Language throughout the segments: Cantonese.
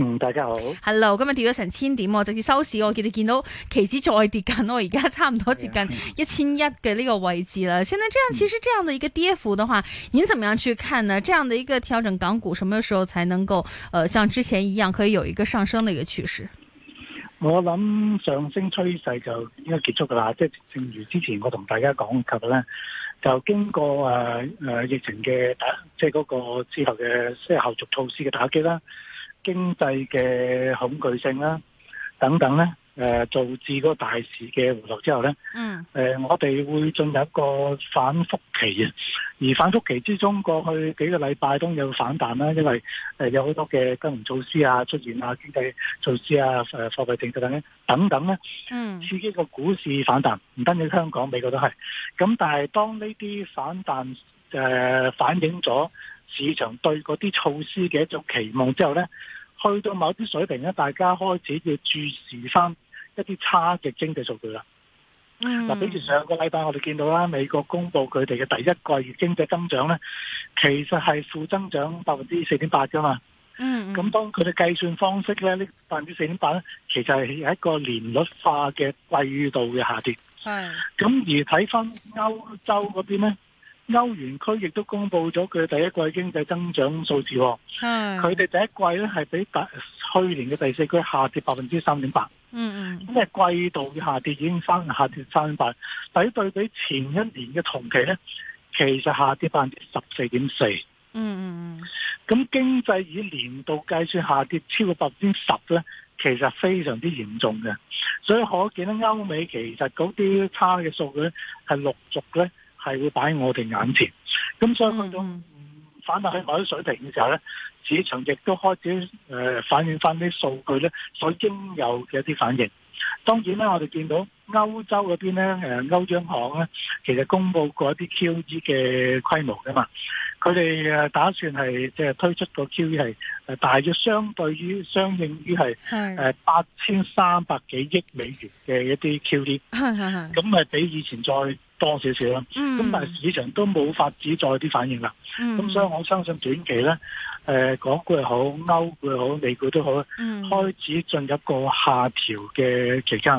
嗯，大家好，h e l l o，今日跌咗成千點，直至收市我見你見到期指再跌緊，我而家差唔多接近一千一嘅呢個位置啦。咁樣、嗯、其實這樣的一個跌幅的話，您怎麼樣去看呢？這樣的一個調整，港股什麼時候才能夠，誒、呃，像之前一樣可以有一個上升的一個趨勢？我諗上升趨勢就應該結束噶啦，即、就、係、是、正如之前我同大家講及咧，就經過誒誒、呃呃、疫情嘅打、呃，即係嗰個之後嘅即係後續措施嘅打擊啦。經濟嘅恐懼性啦，等等呢，誒、呃，導致個大市嘅回落之後咧，誒、嗯呃，我哋會進入一個反覆期啊。而反覆期之中，過去幾個禮拜都有反彈啦，因為誒、呃、有好多嘅金融措施啊、出現啊經濟措施啊、誒貨幣政策等等等等咧，刺激、嗯、個股市反彈，唔單止香港、美國都係。咁但係當呢啲反彈誒、呃、反映咗市場對嗰啲措施嘅一種期望之後呢。去到某啲水平咧，大家開始要注視翻一啲差嘅經濟數據啦。嗱、mm，hmm. 比如上個禮拜我哋見到啦，美國公布佢哋嘅第一季經濟增長咧，其實係負增長百分之四點八噶嘛。嗯，咁、mm hmm. 當佢哋計算方式咧，呢百分之四點八咧，其實係一個年率化嘅季度嘅下跌。咁、mm hmm. 而睇翻歐洲嗰邊咧。歐元區亦都公布咗佢第一季經濟增長數字，佢哋第一季咧係比去年嘅第四季下跌百分之三點八，咁啊季度嘅下跌已經翻下跌三點八，但對比前一年嘅同期咧，其實下跌百分之十四點四，咁經濟以年度計算下跌超過百分之十咧，其實非常之嚴重嘅，所以可見咧，歐美其實嗰啲差嘅數據係陸續咧。係會擺喺我哋眼前，咁所以佢種反彈喺某啲水平嘅時候咧，市場亦都開始誒、呃、反映翻啲數據咧所應有嘅一啲反應。當然啦，我哋見到。歐洲嗰邊咧，誒歐央行咧，其實公布過一啲 QE 嘅規模噶嘛，佢哋誒打算係即係推出個 QE 係誒大約相對於相應於係誒八千三百幾億美元嘅一啲 QE，咁咪比以前再多少少啦，咁但係市場都冇法子再啲反應啦，咁、嗯、所以我相信短期咧，港股又好，歐股又好，美股都好，嗯、開始進入個下調嘅期間。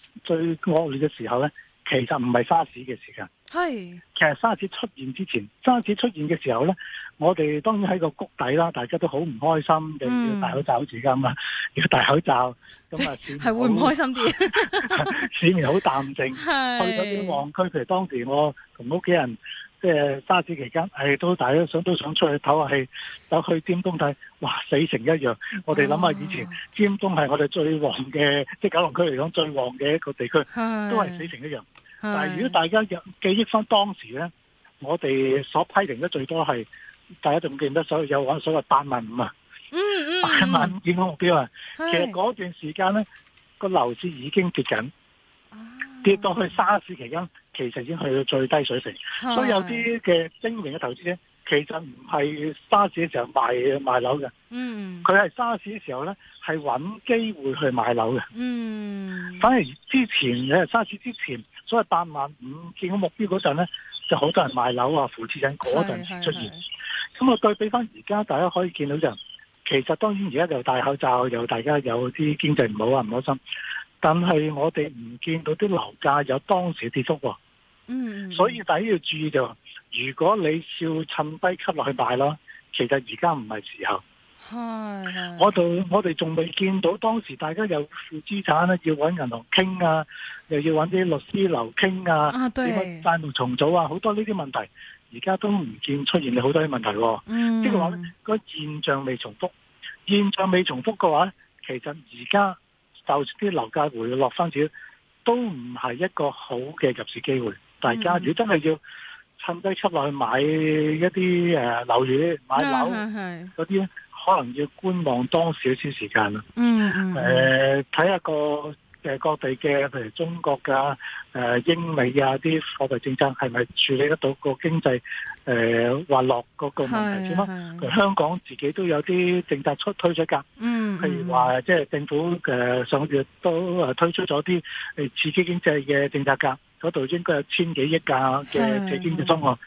最惡劣嘅時候咧，其實唔係沙士嘅時間，係是其實沙士出現之前，沙士出現嘅時候咧，我哋當然喺個谷底啦，大家都好唔開心嘅，嗯、要戴口罩住噶嘛，要戴口罩，咁啊市係會唔開心啲，市面好淡定，是去咗啲旺區，譬如當時我同屋企人。即係沙士期間，係都大家想都想出去唞下氣，走去尖東睇，哇死成一樣！我哋諗下以前、啊、尖東係我哋最旺嘅，即係九龍區嚟講最旺嘅一個地區，是 都係死成一樣。是 但係如果大家有記憶翻當時咧，我哋所批評得最多係，大家仲記唔記得？所有所謂八萬五啊，嗯，嗯嗯，八萬五嘅目標啊。是 其實嗰段時間咧，個樓市已經跌緊。跌到去沙士期間，其實已經去到最低水平，的所以有啲嘅精明嘅投資咧，其實唔係沙士嘅時候賣賣樓嘅，嗯，佢係沙士嘅時候咧係搵機會去買樓嘅，嗯，反而之前沙士之前，所謂八萬五見到目標嗰陣咧，就好多人賣樓啊，扶持緊嗰陣先出現，咁啊對比翻而家，大家可以見到就，其實當然而家又戴口罩，又大家有啲經濟唔好啊，唔開心。但係我哋唔見到啲樓價有當時跌幅，哦、嗯，所以大家要注意就，如果你笑趁低吸落去買囉，其實而家唔係時候。的我哋我哋仲未見到當時大家有負資產咧，要揾銀行傾啊，又要揾啲律師樓傾啊，呢個債務重組啊，好多呢啲問題，而家都唔見出現好多啲問題，哦，嗯，即係話個現象未重複，現象未重複嘅話，其實而家，就啲樓價回落翻少，都唔係一個好嘅入市機會。大家如果真係要趁低出落去買一啲誒、呃、樓宇、買樓嗰啲， 可能要觀望多少少時間啦、 嗯。嗯，誒、呃，睇下個，嘅各地嘅，譬如中國、呃、啊、誒英美啊啲貨幣政策，係咪處理得到個經濟誒、呃、滑落嗰個問題先咯？是是香港自己都有啲政策出推出㗎，譬、嗯嗯、如話即係政府嘅上個月都誒推出咗啲誒刺激經濟嘅政策㗎，嗰度應該有千幾億㗎嘅刺激經濟方案。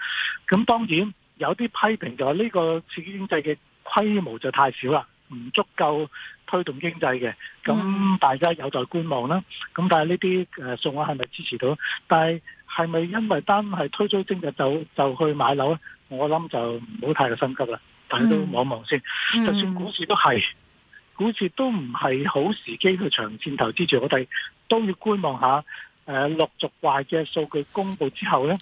咁是是 當然有啲批評就話呢個刺激經濟嘅規模就太少啦。唔足夠推動經濟嘅，咁大家有待觀望啦。咁、嗯、但係呢啲數額係咪支持到？但係係咪因為單係推出精日就就去買樓咧？我諗就唔好太過心急啦。大家都望一望先，嗯、就算股市都係，股市都唔係好時機去長線投資住。我哋都要觀望下誒、呃，陸續壞嘅數據公布之後咧，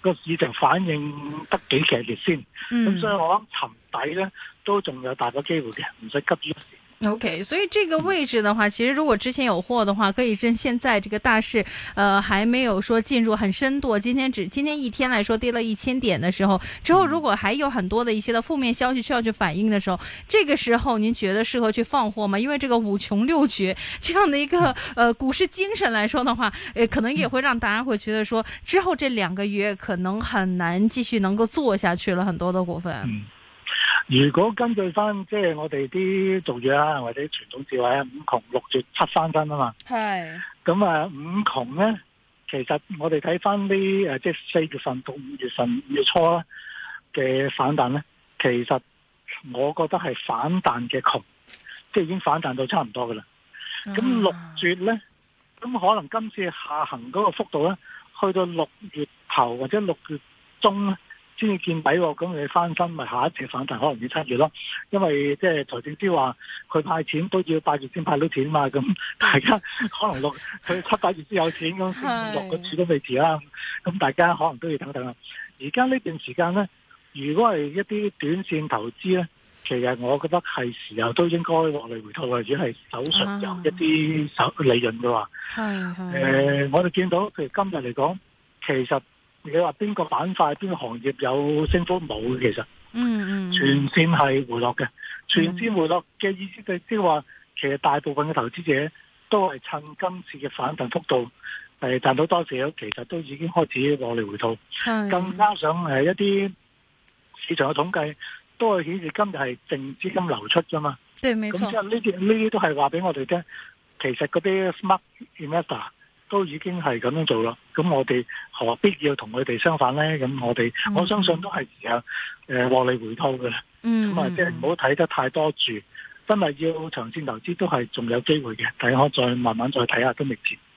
個是市場反應得幾劇烈先。咁、嗯、所以我諗尋底咧。都仲有大把機會嘅，唔使急住。OK，所以這個位置的話，其實如果之前有貨的話，可以趁現在這個大市，呃，還沒有說進入很深度。今天只今天一天來說跌了一千點的時候，之後如果還有很多的一些的負面消息需要去反映的時候，這個時候您覺得適合去放貨嗎？因為這個五窮六絕這樣的一個，呃股市精神來說的話、呃，可能也會讓大家會覺得說，之後這兩個月可能很難繼續能夠做下去了很多的股份。嗯如果根據翻即係我哋啲俗語啦、啊，或者傳統智慧啊，五窮六絕七翻身啊嘛，係咁啊，五窮咧，其實我哋睇翻呢，誒即係四月份到五月份五月初啦嘅反彈咧，其實我覺得係反彈嘅窮，即係已經反彈到差唔多噶啦。咁的六絕咧，咁可能今次下行嗰個幅度咧，去到六月頭或者六月中咧。先至見底喎，咁你翻身咪下一次反彈可能要七月咯。因為即係財政司話佢派錢都要八月先派到錢嘛，咁大家可能六佢七八月先有錢咁，六個字都未至啦，。咁大家可能都要等等啦。而家呢段時間咧，如果係一啲短線投資咧，其實我覺得係時候都應該獲利回吐或者係手上有一啲手利潤嘅話，誒、啊呃，我哋見到譬如今日嚟講，其實你話邊個板塊、邊個行業有升幅冇？其實，嗯，嗯，全線係回落嘅，全線回落嘅意思就即係話，其實大部分嘅投資者都係趁今次嘅反彈幅度，誒賺到多少，其實都已經開始攞嚟回吐，吧更加上誒一啲市場嘅統計都係顯示今日係淨資金流出噶嘛，對，冇錯。咁即係呢啲呢啲都係話俾我哋聽，其實嗰啲 smart investor。都已經係咁樣做咯，咁我哋何必要同佢哋相反呢？咁我哋我相信都係有誒獲利回吐嘅，咁啊即係唔好睇得太多住，真係要長線投資都係仲有機會嘅，等我再慢慢再睇下都未遲。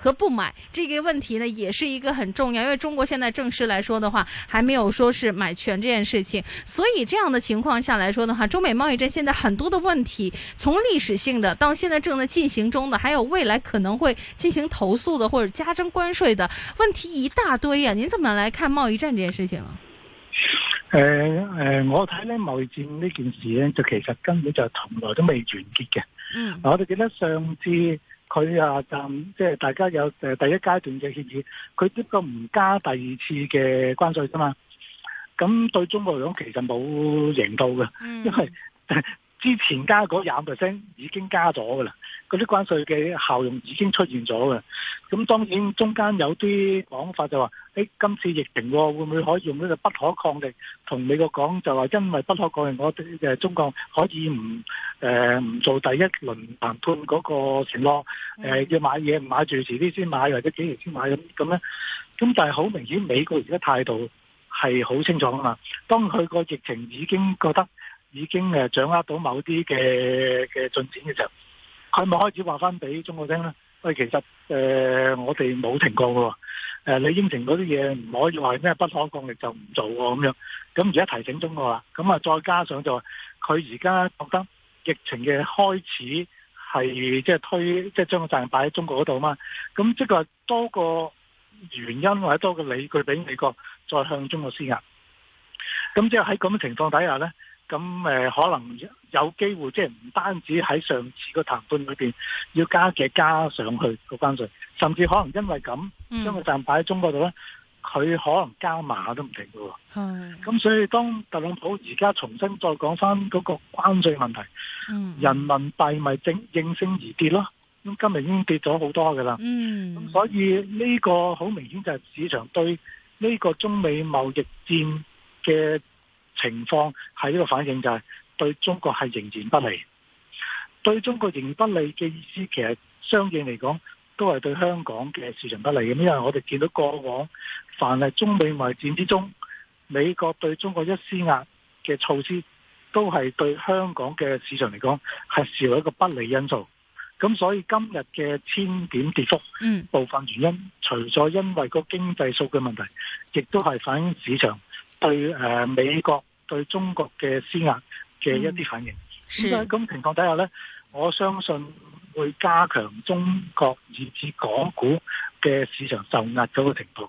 和不買這個問題呢，也是一個很重要，因為中國現在正式來說的話，還沒有說是買全這件事情，所以這樣的情況下來說的話，中美貿易戰現在很多的問題，從歷史性的到現在正在進行中的，還有未來可能會進行投訴的或者加徵關稅的問題一大堆呀，啊。您怎麼來看貿易戰這件事情啊？誒誒、呃呃，我睇呢貿易戰呢件事呢，就其實根本就從來都未完結嘅。嗯，我哋記得上次。佢啊，就即、是、係大家有誒第一階段嘅協議，佢只不過唔加第二次嘅關稅啫嘛。咁對中國嚟講，其實冇贏到嘅，因為之前加嗰廿五 percent 已經加咗噶啦。嗰啲關稅嘅效用已經出現咗嘅，咁當然中間有啲講法就話，誒、欸、今次疫情會唔會可以用呢個不可抗力同美國講，就話因為不可抗力，我哋誒中國可以唔誒唔做第一輪談判嗰個承諾，誒、呃、要買嘢唔買住，遲啲先買或者幾時先買咁咁咧？咁但係好明顯，美國而家態度係好清楚啊嘛。當佢個疫情已經覺得已經誒掌握到某啲嘅嘅進展嘅時候，佢咪開始話翻俾中國聽啦。喂，其實誒、呃，我哋冇停過嘅喎。李、呃、你應承嗰啲嘢唔可以話咩不可抗力就唔做喎咁樣。咁而家提醒中國啦。咁啊，再加上就話佢而家覺得疫情嘅開始係即係推，即係將個責任擺喺中國嗰度嘛。咁即係話多個原因或者多個理據俾美國再向中國施壓。咁即係喺咁嘅情況底下咧。咁誒、呃，可能有機會，即係唔單止喺上次個談判裏邊要加嘅加上去個關稅，甚至可能因為咁，嗯、因為站擺喺中國度咧，佢可能加碼都唔定㗎喎。咁是所以當特朗普而家重新再講翻嗰個關稅問題，嗯、人民幣咪應應聲而跌咯。咁今日已經跌咗好多㗎啦。咁、嗯、所以呢個好明顯就係市場對呢個中美貿易戰嘅。情況係呢個反應就係對中國係仍然不利，對中國仍然不利嘅意思，其實相應嚟講都係對香港嘅市場不利嘅。咁因為我哋見到過往凡係中美貿易戰之中，美國對中國一施壓嘅措施，都係對香港嘅市場嚟講係視為一個不利因素。咁所以今日嘅千點跌幅，嗯，部分原因除咗因為個經濟數據問題，亦都係反映市場對誒、呃、美國對中國嘅施壓嘅一啲反應，咁、嗯、情況底下呢，我相信會加強中國以至港股嘅市場受壓嗰個程度。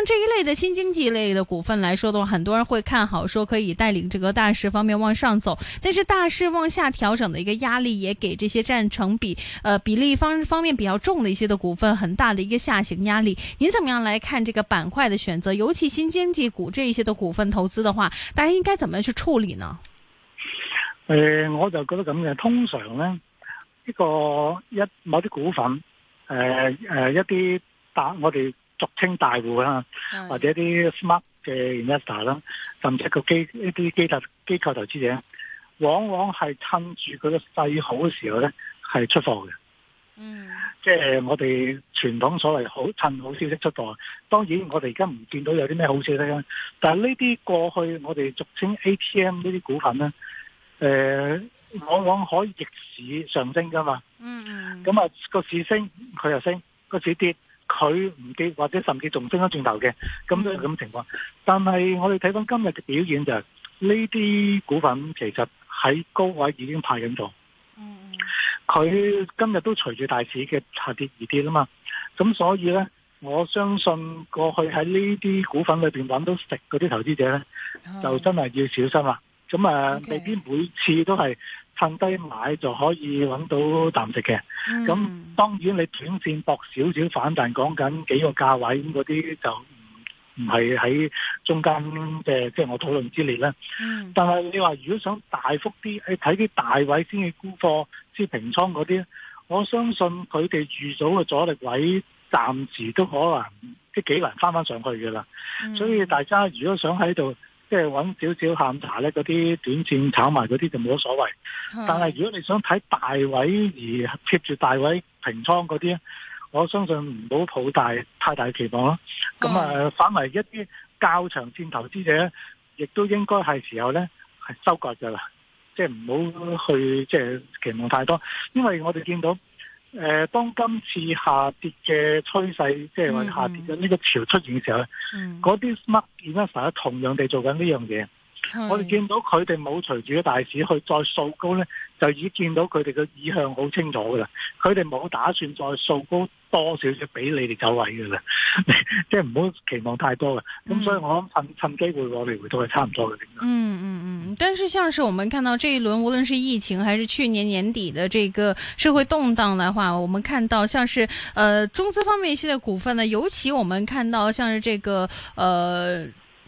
嗯、這一類的新經濟類的股份來說的話，很多人會看好，說可以帶領這個大市方面往上走。但是大市往下調整的一個壓力，也給這些佔成比呃比例方方面比較重的一些的股份很大的一個下行壓力。您怎麼樣來看這個板塊的選擇？尤其新經濟股這一些的股份投資的話，大家應該怎麼樣去處理呢？誒、呃，我就覺得咁嘅，通常呢，一個一某啲股份，誒、呃、誒、呃，一啲大我哋。俗稱大戶啦，或者啲 smart 嘅 investor 啦，甚至個機一啲機構機構投資者，往往係趁住佢個勢好嘅時候咧，係出貨嘅。嗯，即係我哋傳統所謂好趁好消息出貨。當然，我哋而家唔見到有啲咩好消息啦。但係呢啲過去我哋俗稱 ATM 呢啲股份咧，誒、呃，往往可以逆市上升噶嘛。嗯，咁啊，個市升佢又升，個市跌，佢唔跌，或者甚至仲升翻轉頭嘅，咁樣咁情況。但係我哋睇翻今日嘅表現就，呢啲股份其實喺高位已經派緊咗。嗯佢、嗯、今日都隨住大市嘅下跌而跌啦嘛。咁所以呢，我相信過去喺呢啲股份裏邊揾到食嗰啲投資者呢，就真係要小心啦。咁、嗯、啊，未必 Okay. 每次都係。趁低買就可以揾到啖食嘅，咁、嗯、當然你短線搏少少反彈，講緊幾個價位咁嗰啲就唔唔係喺中間即係、就是、我討論之列啦。嗯、但係你話如果想大幅啲，你睇啲大位先嘅沽貨，即平倉嗰啲，我相信佢哋預早嘅阻力位，暫時都可能即係幾難翻翻上去嘅啦。嗯、所以大家如果想喺度，即係揾少少限查咧，嗰啲短線炒埋嗰啲就冇乜所謂。是的但係如果你想睇大位而貼住大位平倉嗰啲，我相信唔好抱大太大期望咯。咁的啊，反為一啲較長線投資者，亦都應該係時候呢，係收割嘅啦，即係唔好去即係、就是、期望太多，因為我哋見到。誒、呃，當今次下跌嘅趨勢，即係話下跌嘅呢個潮出現嘅時候咧，嗰啲 smart 而家成日同樣地做緊呢樣嘢，的我哋見到佢哋冇隨住大市去再掃高咧。就已經見到佢哋嘅意向好清楚噶啦，佢哋冇打算再掃高多少少畀你哋走位噶啦，即係唔好期望太多噶。咁所以我諗趁趁機會我哋回吐係差唔多嘅點、嗯。嗯嗯嗯，但是像是我們看到這一輪，無論是疫情還是去年年底的這個社會動盪的話，我們看到像是呃中資方面一些的股份呢，尤其我們看到像是這個呃。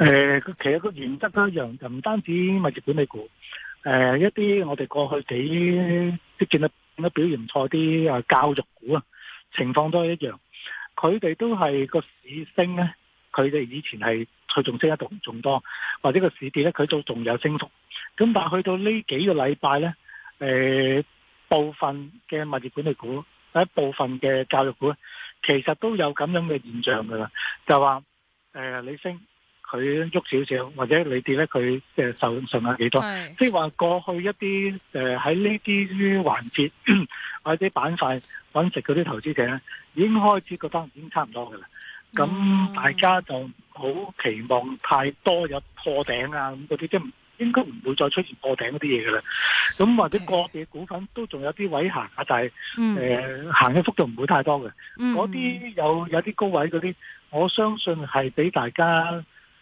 誒，其實個原則都一樣，就唔單止物業管理股，誒，一啲我哋過去幾即見得見得表現唔錯啲啊教育股，啊，情況都係一樣。佢哋都係個市升咧，佢哋以前係佢仲升一度仲多，或者個市跌咧，佢都仲有升幅。咁但係去到呢幾個禮拜咧，誒，部分嘅物業管理股喺部分嘅教育股，其實都有咁樣嘅現象噶啦，就話誒你升。佢喐少少，或者你跌咧，佢嘅受損係幾多？即係話過去一啲誒喺呢啲環節 或者板塊揾食嗰啲投資者咧，已經開始覺得已經差唔多㗎喇。咁大家就好期望太多有破頂啊咁嗰啲，即係應該唔會再出現破頂嗰啲嘢㗎喇。咁或者個別股份都仲有啲位行啊，但係誒行嘅幅度唔會太多嘅。嗰啲有有啲高位嗰啲，我相信係俾大家。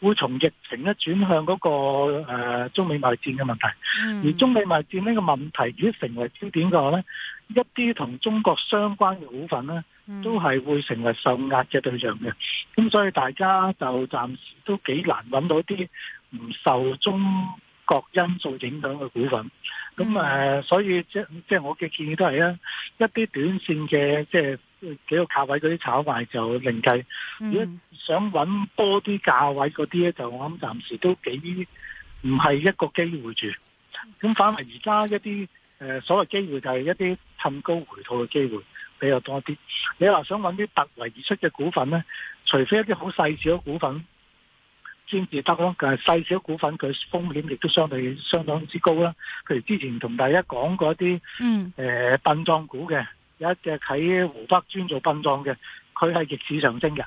會從疫情咧轉向嗰、那個誒、呃、中美貿易戰嘅問題，嗯、而中美貿易戰呢個問題如果成為焦點嘅話咧，一啲同中國相關嘅股份咧，嗯、都係會成為受壓嘅對象嘅。咁所以大家就暫時都幾難揾到啲唔受中國因素影響嘅股份。咁誒、嗯呃，所以即即係我嘅建議都係啊，一啲短綫嘅即係。幾個價位嗰啲炒賣，就另計。如果想揾多啲價位嗰啲咧，就我諗暫時都幾啲唔係一個機會住。咁反為而家一啲誒所謂機會就係一啲趁高回吐嘅機會比較多啲。你話想揾啲突圍而出嘅股份咧，除非一啲好細小嘅股份先至得咯。就係細小股份佢風險亦都相對相當之高啦。譬如之前同大家講過一啲誒殯葬股嘅。有一隻喺湖北專做殯葬嘅，佢係逆市上升嘅。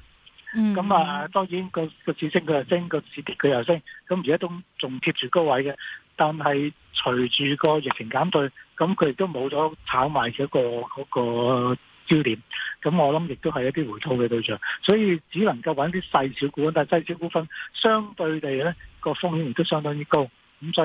咁啊、mm，hmm. 當然個個指升佢又升，個指跌佢又升。咁而家都仲貼住高位嘅，但係隨住個疫情減退，咁佢亦都冇咗炒賣嘅一嗰個焦點。咁我諗亦都係一啲回吐嘅對象，所以只能夠揾啲細小股，但係細小股份相對地咧、嗰個風險亦都相當之高。